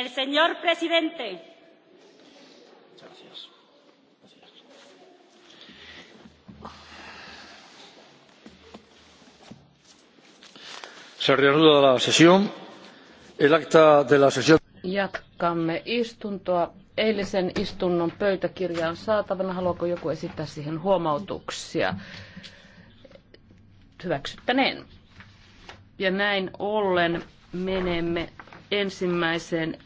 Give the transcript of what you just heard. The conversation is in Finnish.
El señor presidente. Gracias. Gracias. Se reanuda la sesión. El acta de la sesión. Jatkamme istuntoa. Eilisen istunnon pöytäkirja on saatavana. Haluaako joku esittää siihen huomautuksia? Hyväksyttäneen. Ja näin ollen menemme ensimmäiseen